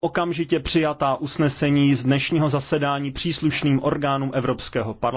okamžitě přijatá usnesení z dnešního zasedání příslušným orgánům Evropského parlamentu